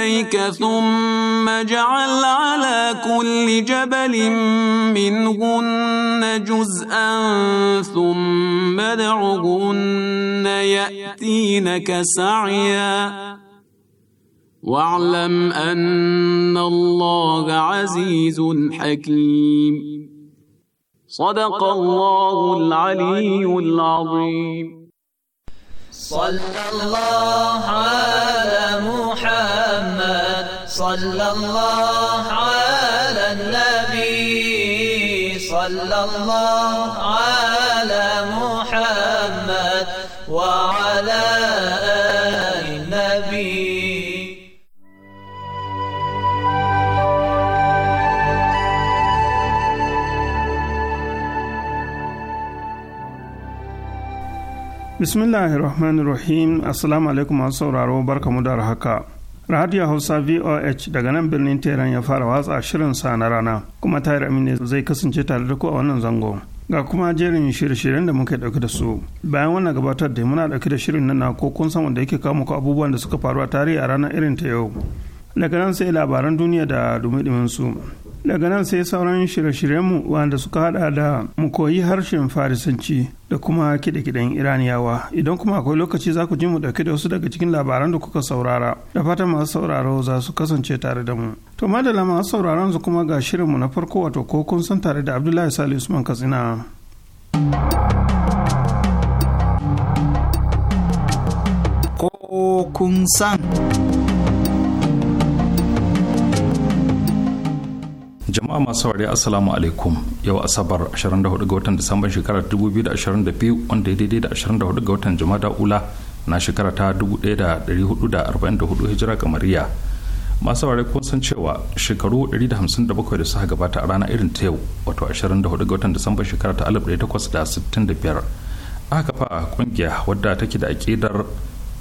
إليك ثم جعل على كل جبل منهن جزءا ثم ادعهن يأتينك سعيا واعلم أن الله عزيز حكيم صدق الله العلي العظيم صلى الله على محمد صلى الله على النبي صلى الله على محمد وعلى النبي بسم الله الرحمن الرحيم السلام عليكم ورحمه الله وبركاته Radio Hausa VOH daga nan birnin Teheran ya fara watsa shirin sa na rana kuma tayar amine zai kasance tare da ku a wannan zango Ga kuma jerin shirye-shiryen da muka dauke da su. Bayan wannan gabatar da muna dauke da shirin nan ko kun san wanda yake kawo muku abubuwan da suka faru a tarihi a ranar irin ta yau. Daga nan sai labaran duniya da dumi su. daga nan sai sauran shirye-shiryenmu wanda suka hada da mu koyi harshen farisanci da kuma kide-kiden iraniyawa idan kuma akwai lokaci za ku ji mu dauke da wasu daga cikin labaran da kuka saurara da fatan masu sauraro za su kasance tare da mu to madalla masu sauraron su kuma ga shirinmu na farko wato ko kun san tare da abdullahi sali usman katsina ko kun san jama'a masu saurari assalamu alaikum yau asabar 24 ga watan disamban shekarar 2022 wanda ya daidai da 24 ga watan jama'a ula na shekara ta 1444 hijira kamariya masu saurari kun san cewa shekaru 157 da suka gabata a rana irin ta yau wato 24 ga watan disamban shekara ta 1865 aka kafa kungiya wadda take da akidar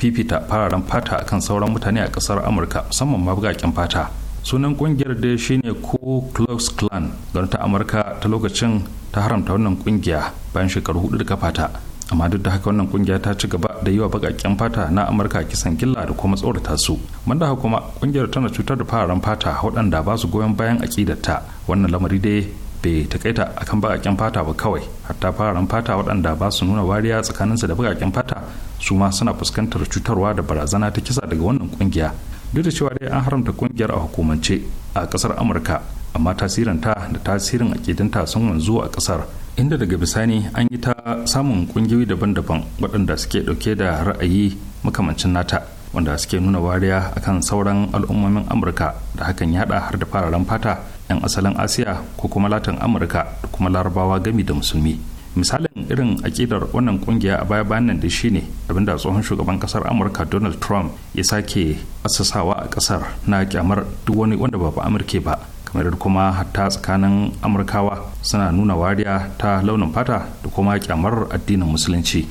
fifita fararen fata akan sauran mutane a kasar amurka musamman ma bugaken fata sunan kungiyar da shine ku klux klan ta amurka ta lokacin ta haramta wannan kungiya bayan shekaru hudu da kafata amma duk da haka wannan kungiya ta ci gaba da yi wa bakakken fata na amurka kisan gilla da kuma tsorata su banda haka kuma kungiyar tana cutar da fararen fata waɗanda ba su goyon bayan aƙidarta wannan lamari dai bai takaita akan bakakken fata ba kawai hatta fararen fata waɗanda ba su nuna wariya tsakaninsu da bakakken fata su ma suna fuskantar cutarwa da barazana ta kisa daga wannan kungiya duk da cewa dai an haramta kungiyar a hukumance a kasar amurka amma tasirinta da tasirin akidanta sun wanzu a kasar inda daga bisani an yi ta samun kungiyoyi daban-daban waɗanda suke ɗauke da ra'ayi makamancin nata wanda suke nuna wariya akan sauran al'ummomin amurka da hakan haɗa har da fararen fata 'yan asalin asiya ko kuma latin amurka da kuma larabawa gami da musulmi misalin irin akidar wannan kungiya a baya bayan nan da shine abinda tsohon shugaban kasar amurka donald trump ya sake asasawa a kasar na kyamar duk wani wanda ba ba amurke ba kamar kuma hatta tsakanin amurkawa suna nuna wariya ta launin fata da kuma kyamar addinin musulunci.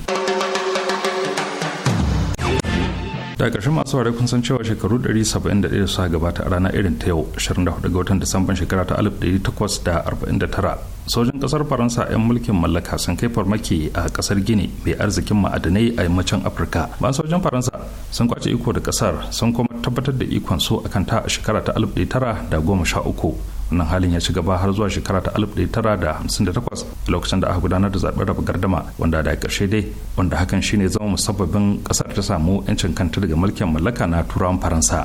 da ƙarshen masu ware kun san cewa shekaru 171 da gabata a rana irin ta yau 24 ga watan disamban shekara ta 1849 sojin ƙasar faransa 'yan mulkin mallaka sun kai farmaki a ƙasar gini mai arzikin ma'adanai a yammacin afirka bayan sojin faransa sun kwace iko da ƙasar sun kuma tabbatar da ikon su akan ta a shekara ta 1913 wannan halin ya ci gaba har zuwa shekara ta 1958 lokacin da aka gudanar da zaben raba gardama wanda da karshe dai wanda hakan shine zama musabbabin kasar ta samu 'yancin kanta daga mulkin mallaka na turawan faransa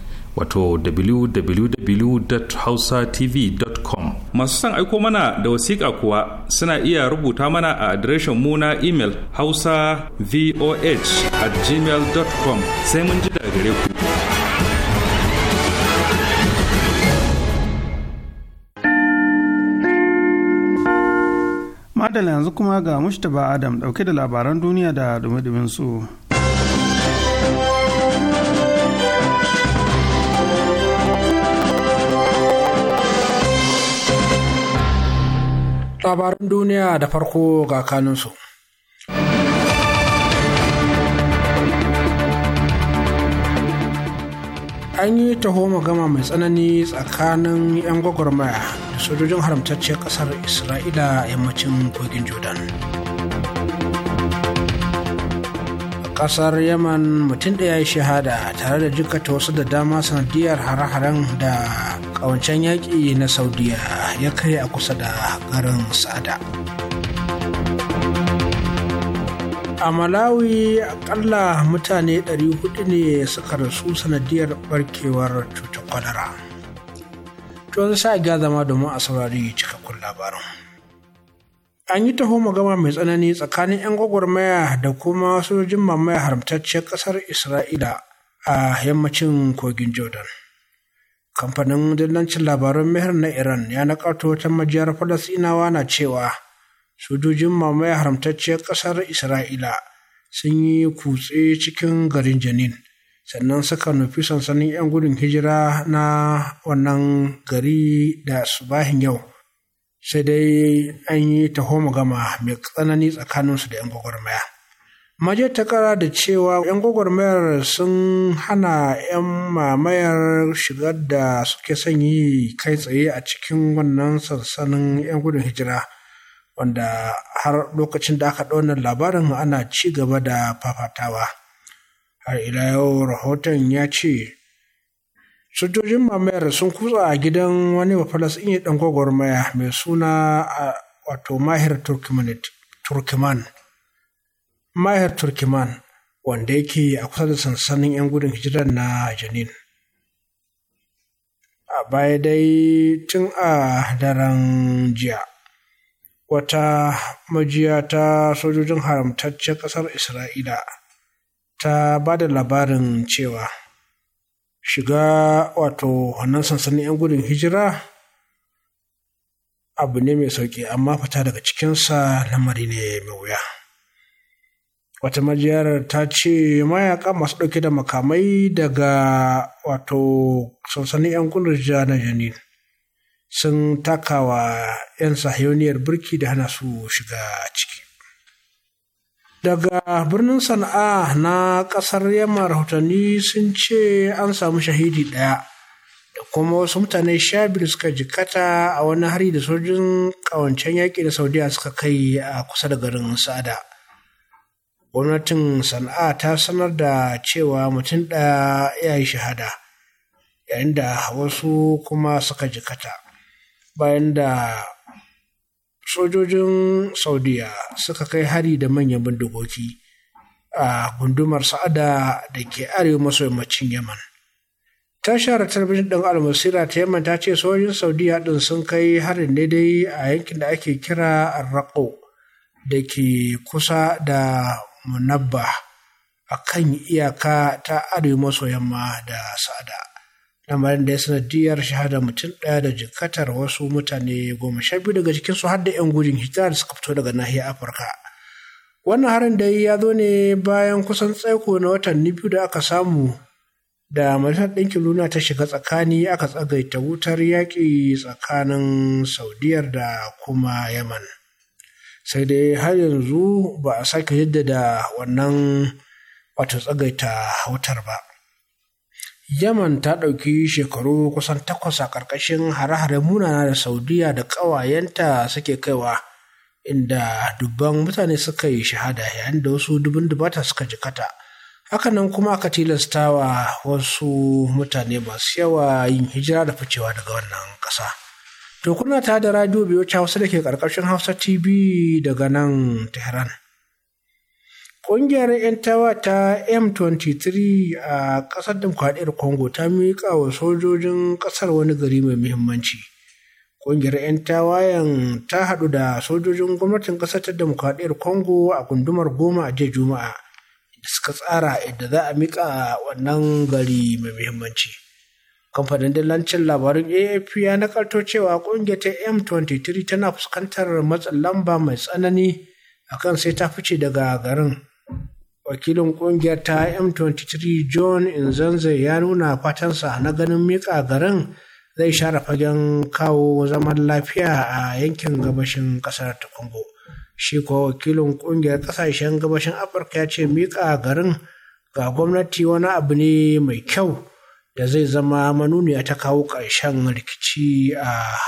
wato www.hausatv.com masu son aiko mana da wasiƙa kuwa suna iya rubuta mana a adireshin mu na imel hausa voh at gmail.com sai mun ji da gare ku madalla yanzu kuma ga mushtaba adam dauke da labaran duniya da dumi su. labaran duniya da farko ga kanunsu. an yi taho gama mai tsanani tsakanin 'yan gwagwarmaya da sojojin haramtacciyar ƙasar isra'ila a yammacin kogin jordan Ƙasar yaman mutum ɗaya ya shahada tare da jikata wasu da dama sanadiyar hare-haren da A wancan yaƙi na saudiya ya kai a kusa da garin sa'ada a malawi akalla mutane 400 ne suka rasu sanadiyar barkewar cutar kwalara to sa ga zama domin a saurari cikakkun labarin an yi taho magama mai tsanani tsakanin 'yan gwagwarmaya da kuma sojojin mamaya haramtacciyar ƙasar isra'ila a yammacin kogin jordan Kamfanin dillancin labarun mihar na Iran ya nakalto wata majiyar Falasinawa na cewa sojojin mamaya haramtacciyar ƙasar Isra'ila sun yi kutse cikin garin Janin sannan suka nufi sansanin 'yan gudun hijira na wannan gari da subahin yau sai dai an yi taho gama mai tsanani tsakaninsu da 'yan gwagwarmaya. Maje ta kara da cewa 'yan gwagwarmayar sun hana 'yan mamayar shigar da suke son yi kai tsaye a cikin wannan sansanin 'yan gudun hijira wanda har lokacin da aka ɗaunar labarin ana ci gaba da fafatawa. Har ila yau rahoton ya ce, Sojojin mamayar sun kutsa a gidan wani bafalasɗin ɗan gwagwarmaya mai suna a wato Mahir Turkman. Maher Turkiman wanda yake a kusa da sansanin 'yan gudun hijirar na Janin. A baya dai tun a daren jiya, wata majiya ta sojojin haramtaccen ƙasar Isra'ila ta ba da labarin cewa shiga wato wannan sansanin 'yan gudun hijira abu ne mai sauƙi amma fita daga cikinsa lamari ne mai wuya. wata majiyar ta ce mayaka masu ɗauke da makamai daga wato sansanin 'yan kundin na janin sun takawa 'yan sahiyoniyar birki da hana su shiga ciki daga birnin sana'a na ƙasar yamma rahotanni sun ce an samu shahidi ɗaya da kuma wasu mutane sha biyu suka jikata a wani hari da sojin kawancen yaƙi da saudiya suka kai a kusa da garin sa'ada gwamnatin sana'a ta sanar da cewa mutum ɗaya ya yi shahada yayin da wasu kuma suka jikata bayan da sojojin saudiya suka kai hari da manyan bindigoki a gundumar sa'ada da ke arewa maso yammacin yaman tashar talabijin ɗin almasira ta yaman ta ce sojojin saudiya ɗin sun kai harin ne dai a yankin da ake kira arraƙo da ke kusa da munabba a kan iyaka ta arewa maso yamma da sada lamarin da ya sanadiyar shahada mutum ɗaya da jikatar wasu mutane goma sha biyu daga cikinsu har da 'yan gudun hijira da suka fito daga nahiyar afirka wannan harin da ya zo ne bayan kusan tsaiko na watanni biyu da aka samu da majalisar ɗinkin luna ta shiga tsakani aka tsagaita wutar yaƙi tsakanin saudiyar da kuma yaman. sai dai har yanzu ba a sake jaddada wannan wato tsagaita wutar ba yaman ta ɗauki shekaru kusan takwas a ƙarƙashin hare-hare munana da saudiya da ƙawayenta suke kaiwa inda dubban mutane suka yi shahada yayin da wasu dubin dubata suka jikata hakanan kuma aka tilasta wa wasu mutane masu yawa yin hijira da ficewa daga wannan ƙasa To kuna ta da radio biyu wasu da ke ƙarƙashin Hausa TV daga nan Tehran. Ƙungiyar 'yan tawa ta M23 a ƙasar Dimokuraɗiyar Congo ta miƙa wa sojojin ƙasar wani gari mai muhimmanci. Ƙungiyar 'yan tawayen ta haɗu da sojojin gwamnatin ƙasar ta Kongo Congo a gundumar goma a jiya Juma'a. Suka tsara yadda za a miƙa wannan gari mai muhimmanci. Kamfanin dillancin labarin AFP ya nakalto cewa kungiyar ta M23 tana fuskantar matsin lamba mai tsanani akan sai ta fice daga garin. Wakilin kungiyar ta M23 John Inzanze ya nuna fatansa na ganin mika garin zai share fagen kawo zaman lafiya a yankin gabashin kasar ta Shi kuwa wakilin kungiyar ƙasashen gabashin Afirka ya ce mika garin ga gwamnati wani abu ne mai kyau. da zai zama manuniya ta kawo ƙarshen rikici a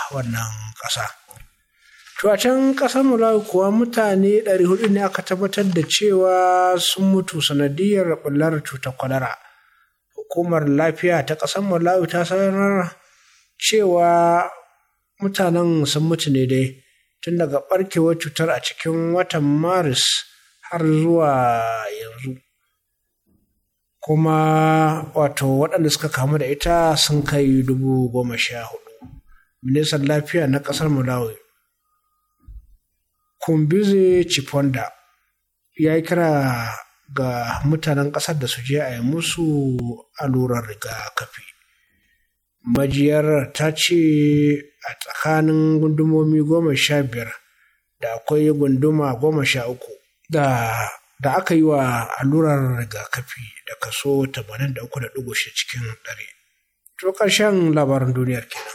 wannan ƙasa. To a can ƙasar Malawi kuwa mutane 400 ne aka tabbatar da cewa sun mutu sanadiyar ɓullar cutar kwalara. Hukumar lafiya ta ƙasar Malawi ta sanar cewa mutanen sun mutu ne dai tun daga ɓarkewar cutar a cikin watan Maris har zuwa yanzu. kuma wato waɗanda suka kamu da ita sun kai dubu goma sha hudu ministan lafiya na ƙasar malawi kumbize chiponda ya yi kira ga mutanen ƙasar da su je a yi musu allurar rigakafi majiyar ta ce a tsakanin gundumomi goma sha biyar da akwai gunduma goma sha uku da da aka yi wa allurar rigakafi da kaso 83.6 cikin ɗari. To ƙarshen labarin duniyar kenan.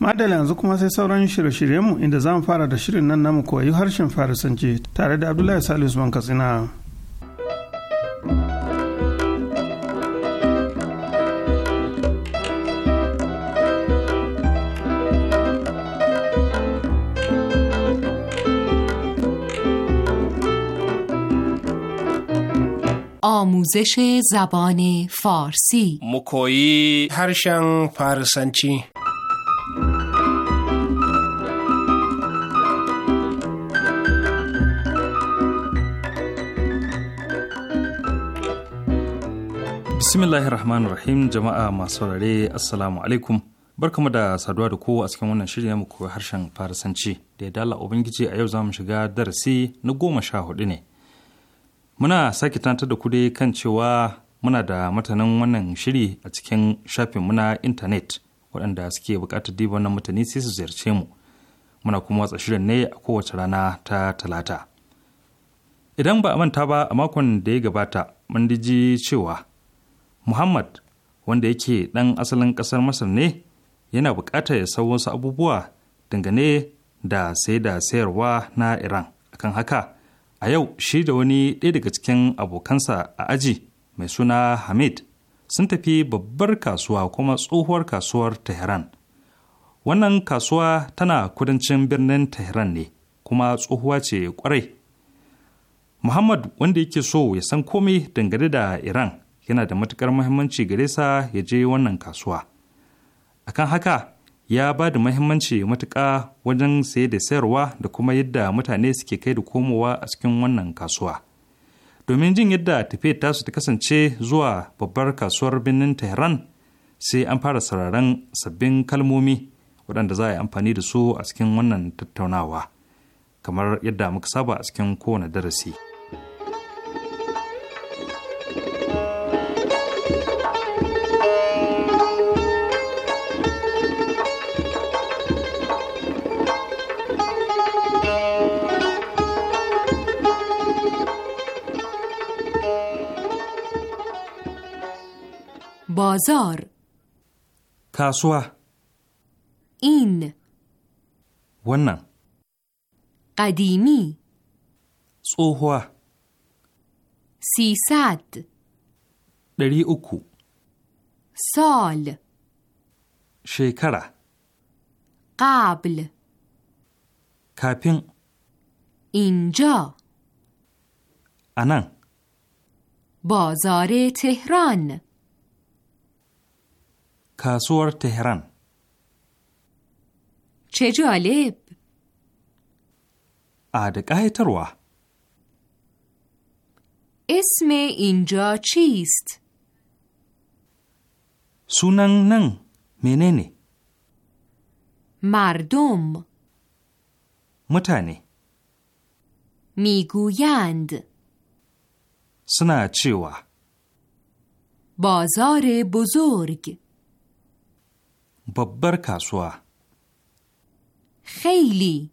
Madala yanzu kuma sai sauran shirye-shiryenmu inda za mu fara da shirin nan namu koyi harshen Farisanci tare da Abdullahi Salisu Bankasina. Katsina. آموزش زبان فارسی مکوی هرشن فارسنچی bismillahir rahmanir rahim jama'a masu saurare assalamu alaikum barkamu da saduwa da kowa a cikin wannan shirya muku harshen farisanci da ya dala ubangiji a yau za mu shiga darasi na goma sha hudu ne Muna sake tantar da kuɗi kan cewa muna da mutanen wannan shiri a cikin shafin muna intanet waɗanda suke buƙatar diba wannan mutane sai su ziyarce mu. Muna kuma watsa shirin ne a kowace rana ta talata. Idan ba a manta ba a makon da ya gabata mun diji cewa Muhammad wanda yake ɗan asalin ƙasar Masar ne yana buƙatar ya san wasu abubuwa dangane da sai da sayarwa na Iran. Akan haka, A yau shi da wani ɗaya daga cikin abokansa a aji mai suna Hamid sun tafi babbar kasuwa kuma tsohuwar kasuwar Tehran. Wannan kasuwa tana kudancin birnin Tehran ne kuma tsohuwa ce kwarai. Muhammad wanda yake so ya san komai dangane da Iran yana da matukar muhimmanci gare sa ya je wannan kasuwa. Akan haka ya ba da mahimmanci matuƙa wajen saye da sayarwa da kuma yadda mutane suke kai da komowa a cikin wannan kasuwa. Domin jin yadda tafiya su ta kasance zuwa babbar kasuwar birnin Tehran sai an fara sararin sabbin kalmomi waɗanda za a yi amfani da su a cikin wannan tattaunawa, kamar yadda muka saba a cikin kowane darasi. بازار کاسوا این ونن قدیمی تsohuwa سیصد ɗari uku سال شکره قبل کپین اینجا انان بازار تهران kasuwar Tehran. Ce jalib! A da ƙayatarwa. Isme inja cheese. Sunan nan menene? Mardum. Mutane. Miguyand. Suna cewa. Bazare buzurg. babbar kasuwa. Haili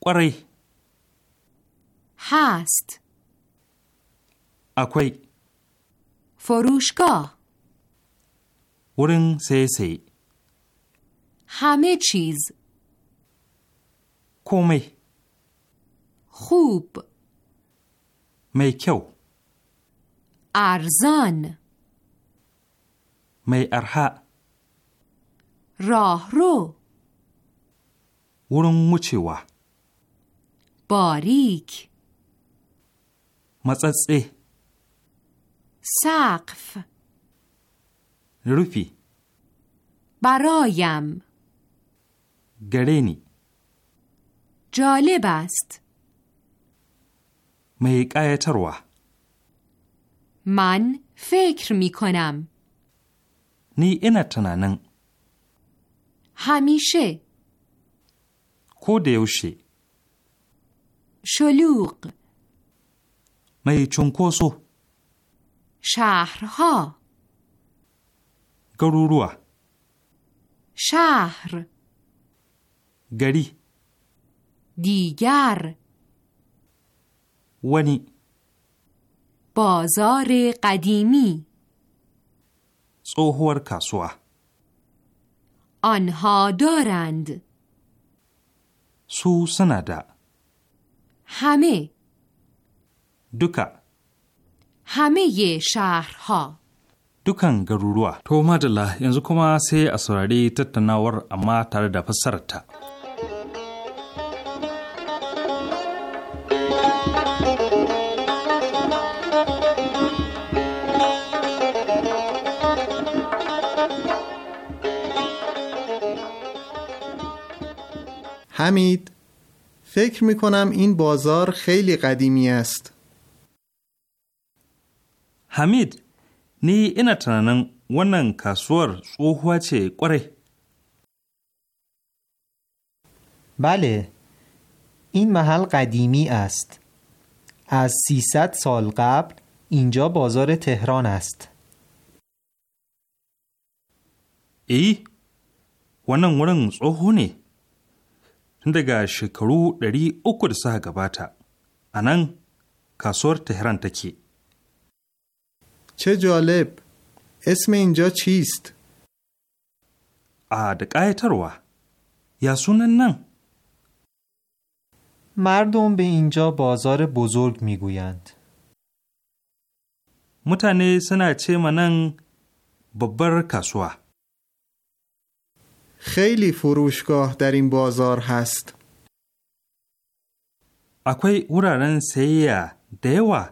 Ƙwarai Hast Akwai Forushka Wurin sai-sai Hamechis Komai Hub Mai kyau Arzan Mai arha. راه رو ورنگوچی و باریک مزازه سقف روپی برایم گرینی جالب است می رو من فکر میکنم نی اینا تنانن همیشه کودیوشی شلوغ می کوسو شهرها گرورو شهر گری دیگر ونی بازار قدیمی tsohuwar kasuwa. آنها دارند سو سندا همه دکا همه شهرها dukan garuruwa. To madalla yanzu kuma sai a saurari tattaunawar amma tare da fassararta. حمید فکر می کنم این بازار خیلی قدیمی است. حمید نی اینا تنانن ونن کاسور سوخوا چه قره. بله این محل قدیمی است. از 300 سال قبل اینجا بازار تهران است. ای ونن ونن tsoho daga shekaru ɗari uku da suka gabata. A nan kasuwar Tehran take. چه جالب اسم George East. A da ƙayatarwa ya sunan nan مردم به اینجا بازار بزرگ میگویند mutane suna ce ma nan babbar kasuwa خیلی فروشگاه در این بازار هست. اکوی اورارن سیا دیوا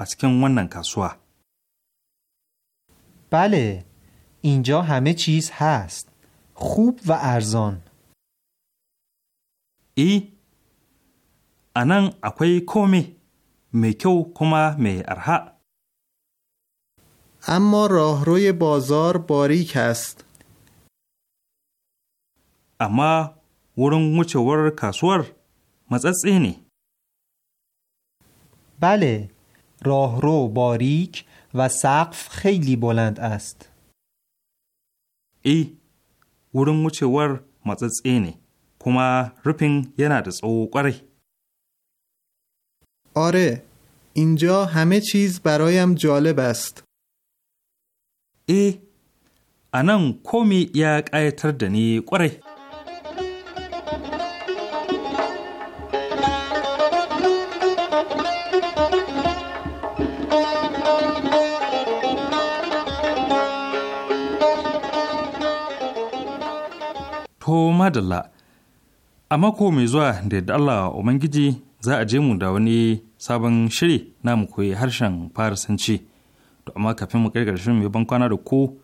اسکن ونن کاسوا. بله اینجا همه چیز هست خوب و ارزان. ای انان اکوی کومی میکو کوما می ارها. اما راهروی بازار باریک است. اما ورنگوچه ور کسور مزد اینی؟ بله. راهرو باریک و سقف خیلی بلند است. ای. ورنگوچه ور مزد اینی. کما رپین یه ندست او قره. آره. اینجا همه چیز برایم جالب است. ای. انان کمی یک ایتردنی قره. ko madalla, a mako mai zuwa da yadda Allah Ubangiji za a je mu da wani sabon shiri na mu koyi harshen Farisanci. To amma kafin mu kai ƙarshen mai ban kwana da ku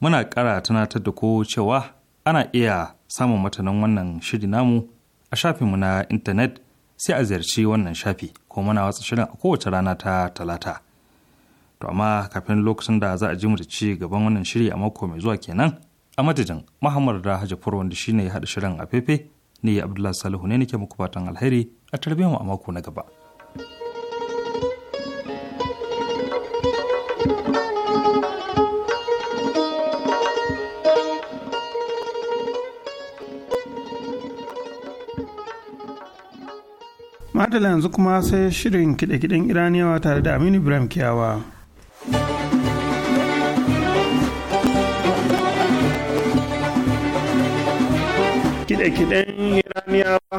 muna ƙara tunatar da ku cewa ana iya samun matanan wannan shiri namu a shafin mu na intanet sai a ziyarci wannan shafi ko muna watsa shirin a kowace rana ta talata. To amma kafin lokacin da za a ji mu da ci gaban wannan shiri a mako mai zuwa kenan a madadin muhammad da hajji furo wanda shine ya haɗa shirin a fefe ne abdullahi salihu ne nake muku fatan alheri a tarbiyyar mu a mako na gaba. Madala yanzu kuma sai shirin kide-kiden Iraniyawa tare da Aminu Ibrahim Kiyawa. kiɗe-kiɗen iraniyawa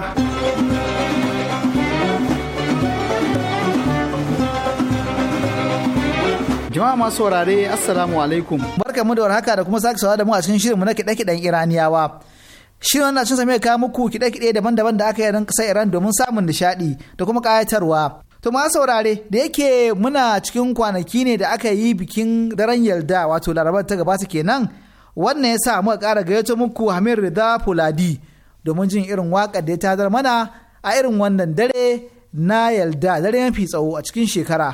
jama'a masu saurare assalamu alaikum barka mu da warhaka da kuma sake sawa da mu a cikin shirinmu na kiɗe-kiɗen iraniyawa shirin wannan cin same ka muku kiɗe-kiɗe daban-daban da aka yi a ƙasar iran domin samun nishaɗi da kuma ƙayatarwa To ma saurare da yake muna cikin kwanaki ne da aka yi bikin daren yarda wato larabar ta gabata kenan wannan ya sa muka kara gayyato muku Hamir Rida Fuladi domin jin irin waƙar da ya tazar mana a irin wannan dare na yalda dare mafi tsawo a cikin shekara.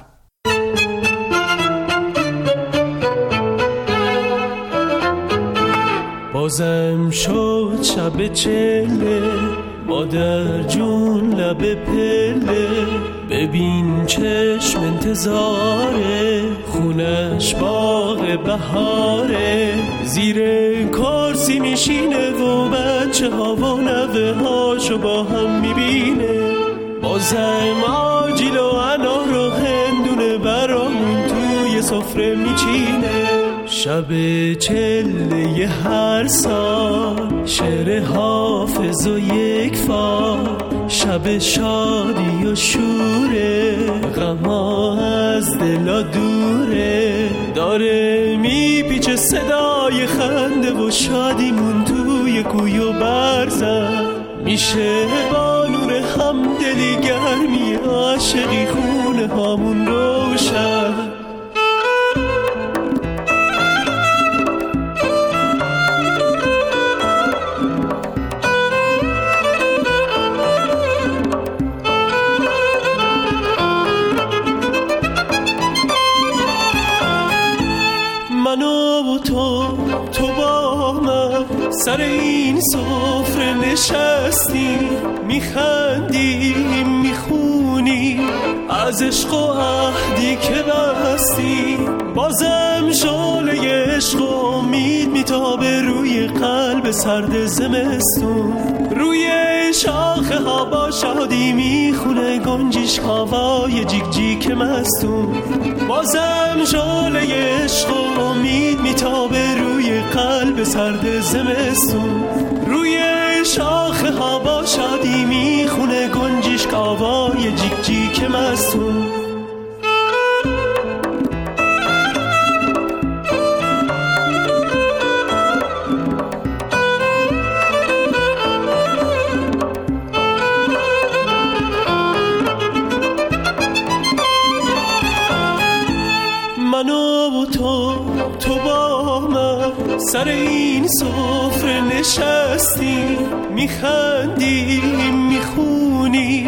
بازم شد شب چله مادر جون لب پله ببین چشم انتظاره خونش باغ بهاره زیر کرسی میشینه و بچه ها و نوه هاشو با هم میبینه بازم آجیل و انار رو هندونه برامون توی سفره میچینه شب چله هر سال شعر حافظ و یک فا شب شادی و شوره غما از دلا دوره داره میپیچه صدای خنده و شادیمون توی کوی و برزن میشه با نور همدلی گرمی عاشقی خونه هامون روشن سر این سفره نشستیم میخندیم میخونیم از عشق و عهدی که بستی بازم شعله عشق و امید میتابه روی قلب سرد زمستون روی شاخه ها با شادی میخونه گنجیش هوای جیک جیک مستون بازم شعله عشق و امید میتابه روی قلب سرد زمستون روی شاخ ها با شادی میخونه گنجش آوای جیک جیک مستون و تو تو با من سر این سفره نشستی میخندی میخونی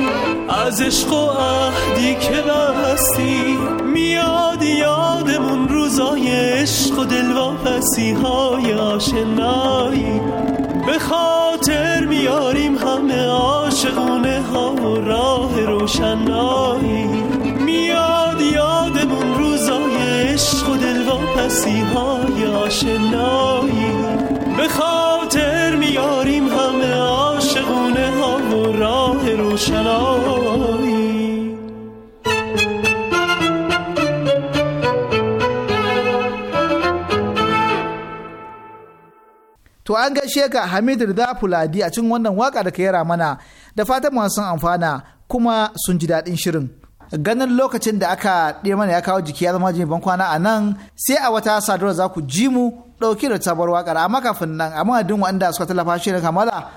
از عشق و عهدی که بستی میاد یادمون روزای عشق و دلواپسی های آشنایی به خاطر میاریم همه عاشقونه ها و راه روشنایی آشنایی به خاطر میاریم همه عاشقونه ها و راه روشنایی To an gaishe ka Hamid Rida Fuladi a cikin wannan waka da ka yara mana da fatan masu amfana kuma sun ji daɗin shirin. ganin lokacin da aka ɗaya mana ya kawo jiki ya zama jimi kwana a nan sai a wata sadarwa za ku ji mu ɗauki da sabuwar waƙar amma kafin nan amma duk wanda suka tallafa shirin kamala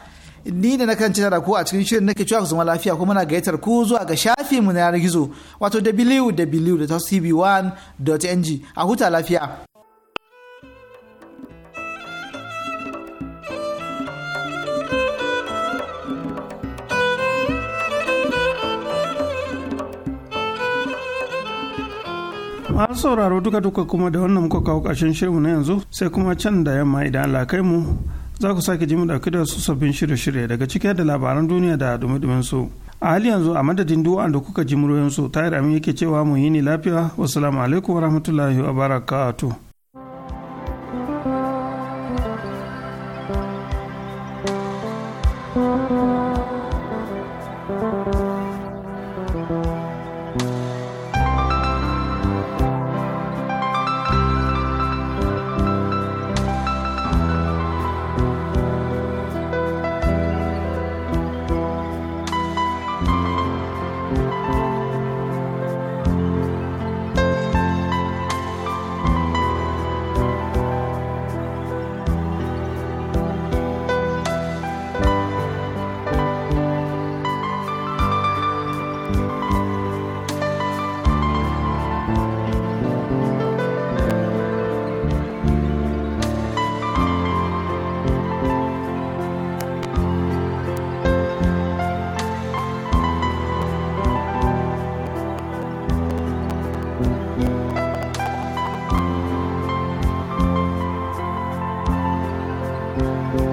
ni da nakan ci da ku a cikin shirin nake cewa ku zama lafiya kuma na gayyatar ku zuwa ga shafi mu na yanar gizo wato www.tv1.ng a huta lafiya. har sauraro duka duka kuma da wannan muka kawo ƙarshen shirinmu na yanzu sai kuma can da yamma idan Allah kai mu za ku sake ji mu dauki da su sabbin shirye-shirye daga cike da labaran duniya da dumi su a hali yanzu a madadin du'an da kuka ji muryoyin su tayar amin yake cewa mu yi ni lafiya wassalamu alaikum warahmatullahi wabarakatuh Thank you.